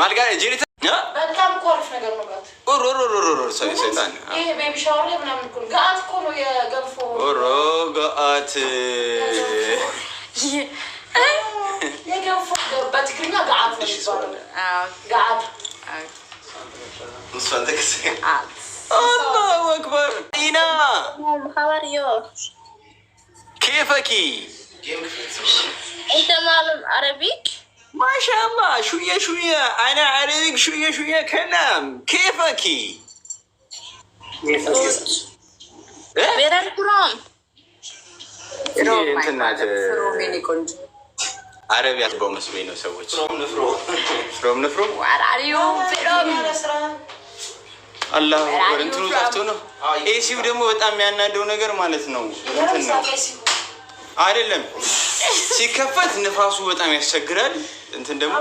ማልጋ ጄሪት በጣም ኮርፍ እኮ ነው የገንፎ ነው ገአት ማሻአላ ሹየ ሹየ አና አረቢክ ሹየ ሹየ ከላም ኬፈኪ አረቢያ በመስሜ ነው ሰዎች ፍሮም ንፍሮ አላ እንትኑ ጠፍቶ ነው። ኤሲው ደግሞ በጣም ያናደው ነገር ማለት ነው ነው አይደለም ሲከፈት ንፋሱ በጣም ያስቸግራል። እንትን ደግሞ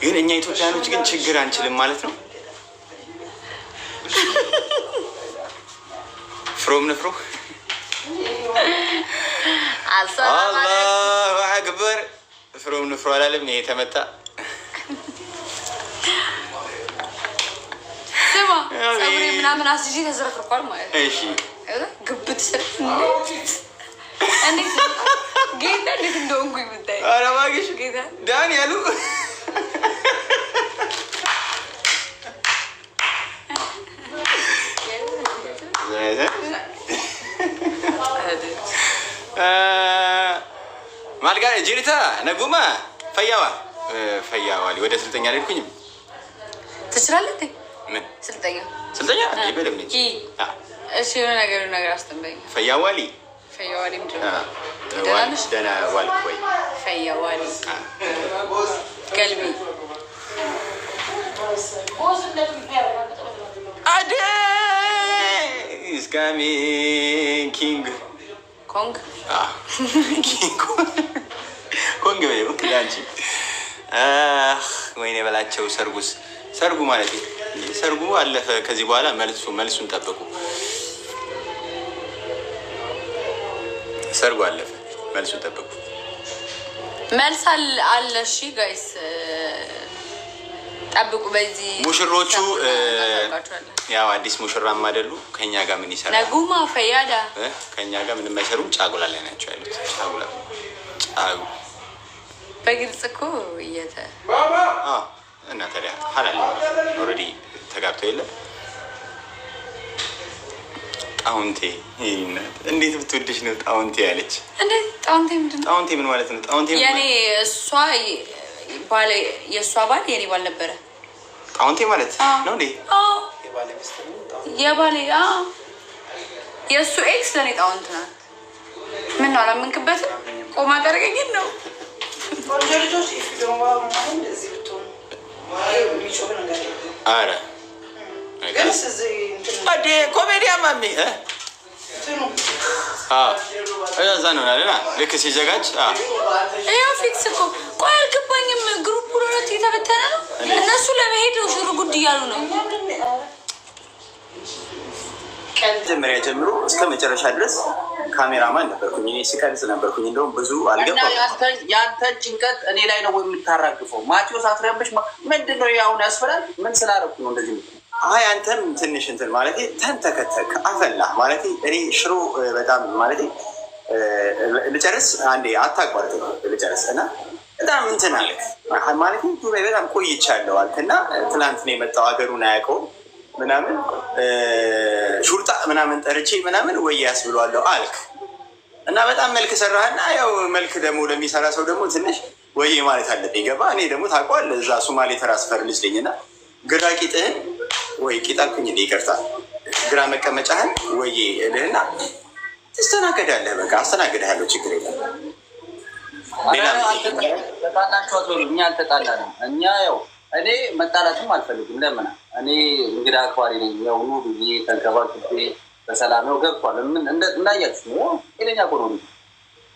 ግን እኛ ኢትዮጵያኖች ግን ችግር አንችልም ማለት ነው። ፍሮም ነፍሮ አላሁ አክበር ፍሮም ንፍሮ አላለም ይሄ ተመጣ ፀጉሬ ምናምን አስይዤ ተዝረክርኳል ማለት ነው። ግብት ስር ጌታ እንዴት እንደሆንኩኝ ብታይ ጌታ ዳን ያሉ ማልጋ ጅሪታ ነጉማ ፈያዋ ፈያዋ ወደ ስልጠኛ አልሄድኩኝም ትችላለህ ምን ስልጠኛ ስልጠኛ ይበልም እንጂ እሺ፣ የሆነ ነገር ነገር አስተምረኝ። ፈያዋሊ ፈያዋሊ ምንድን ነው? ደህና ዋልክ ወይ? ፈያዋሊ ገልቢ አደይስ ካሚንግ ኪንግ ኮንግ ኪንግ ኮንግ በይ። ወይኔ በላቸው ሰርጉስ ሰርጉ ማለት ነው ሰርጉ አለፈ። ከዚህ በኋላ መልሱ መልሱን ጠብቁ። ሰርጉ አለፈ። መልሱን ጠብቁ። መልስ አለ። እሺ ጋይስ ጠብቁ። በዚህ ሙሽሮቹ ያው አዲስ ሙሽራም አይደሉ። ከኛ ጋር ምን ይሰራል? ነጉማ ፈያዳ ከኛ ጋር ምንም አይሰሩም። ጫጉላ ላይ ናቸው ያሉት። ጫጉላ ጫጉ በግልጽ እኮ እየተ እና ታዲያ ሀላል ኦልሬዲ ተጋብቶ የለም ጣውንቴ እንዴት ብትወድሽ ነው ጣውንቴ ያለች? እንዴት ጣውንቴ ነው? ጣውንቴ ምን ማለት ነው? ጣውንቴ የኔ እሷ ባል የእሷ ባል የኔ ባል ነበረ። ጣውንቴ ማለት ነው እንዴ? የባሌ የእሱ ኤክስ ለእኔ ጣውንት ናት። ምን አላመንክበትም? ቆማ ጠርቀኝን ነው ኧረ ኮሜዲያ ማሜ እዛ ነው ያለና ልክ ሲዘጋጅ ያው ፊክስ እኮ ቆይ አልገባኝም። ግሩፕ ሁለት እየተበተነ ነው። እነሱ ለመሄድ ሽር ጉድ እያሉ ነው መጀመሪያ ጀምሮ እስከ መጨረሻ ድረስ ካሜራማን ነበርኩኝ እኔ፣ ሲቀርጽ ነበርኩኝ። እንደውም ብዙ አልገባም። ያንተን ጭንቀት እኔ ላይ ነው የምታራግፈው። ማቴዎስ አስረብሽ ምንድን ነው አሁን ያስፈላል? ምን ስላደረኩ ነው እንደዚህ? አይ አንተም ትንሽ እንትን ማለት ተንተከተክ አፈላ ማለት እኔ ሽሮ በጣም ማለት ልጨርስ፣ አንዴ አታቋርጥ፣ ልጨርስ እና በጣም እንትን አለ ማለት በጣም ቆይቻለሁ አልክ እና ትላንት ነው የመጣው ሀገሩን አያውቀውም ምናምን ሹርጣ ምናምን ጠርቼ ምናምን ወይ ያስብሏለሁ አልክ እና በጣም መልክ ሰራህና፣ ያው መልክ ደግሞ ለሚሰራ ሰው ደግሞ ትንሽ ወይ ማለት አለብኝ ገባ። እኔ ደግሞ ታውቀዋለህ እዛ ሱማሌ ተራስፈር ልስልኝ ና ግራ ቂጥህን ወይ ቂጣልኩኝ አልኩኝ እንደ ግራ መቀመጫህን ወይ እልህና ትስተናገዳለህ። በቃ አስተናግድሃለሁ፣ ችግር የለም። ሌላ በጣናቸዋት እኛ አልተጣላንም እኛ ያው እኔ መጣላትም አልፈልግም። ለምን እኔ እንግዳ አክባሪ ነኝ። የሆኑ ብዬ ተንከባክቤ በሰላም ነው ገብቷል። ምን እንዳያችሁ ነው ጤነኛ ኮኖ ነው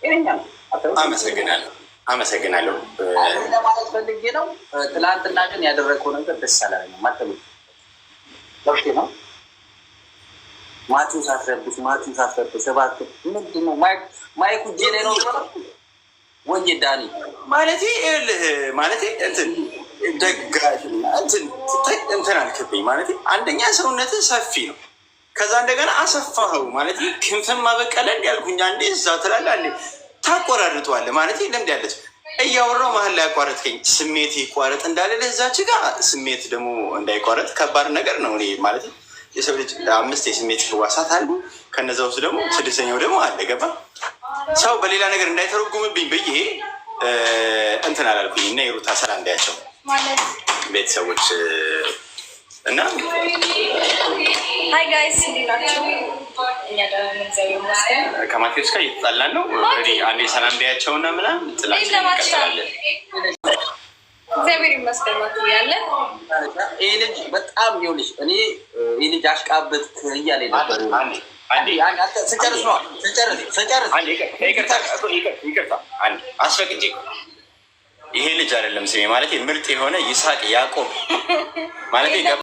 ጤነኛ ነው። አመሰግናለሁ አመሰግናለሁ ለማለት ፈልጌ ነው። ትላንትና ግን ያደረግከው ነገር ደስ አላለኝም። ማተ መብቴ ነው። ማቹን ሳትረብስ ማቹን ሳትረብሽ ሰባት ምንድን ነው ማይኩ እጄ ላይ ነው ወንጀል ዳኒ ማለት ማለት እንትን ደጋሽ እንትን አልክብኝ ማለት አንደኛ ሰውነት ሰፊ ነው። ከዛ እንደገና አሰፋኸው ማለት ክንፍን ማበቀለ እንዲያልኩኝ አንዴ እዛ ትላለህ አንዴ ታቆራርጠዋለህ ማለት ልምድ ያለች እያወራው መሀል ላይ ያቋረጥከኝ ስሜት ይቋረጥ እንዳለ ለዛች ጋር ስሜት ደግሞ እንዳይቋረጥ ከባድ ነገር ነው። እኔ ማለት የሰው ልጅ አምስት የስሜት ህዋሳት አሉ። ከነዛ ውስጥ ደግሞ ስድስተኛው ደግሞ አለ ገባ ሰው በሌላ ነገር እንዳይተረጉምብኝ ብዬ እንትን አላልኩኝ እና የሩታ ሰላ እንዳያቸው ቤተሰቦች እና ሀይ ጋይስ እንዲላቸው ከማቴዎስ ጋር እየተጣላን ነው። ኦልሬዲ አንዴ ሰላም ቢያቸው እና ምናምን ጥላቸው እግዚአብሔር ይመስገን ይህ ልጅ በጣም ይኸውልሽ፣ እኔ ይህ ልጅ አሽቃበት እያለ ነበር። ስጨርስ ነው ስጨርስ ስጨርስ ይቅርታ አስፈቅጄ ይሄ ልጅ አይደለም ስሜ ማለት ምርጥ የሆነ ይስሐቅ ያዕቆብ ማለት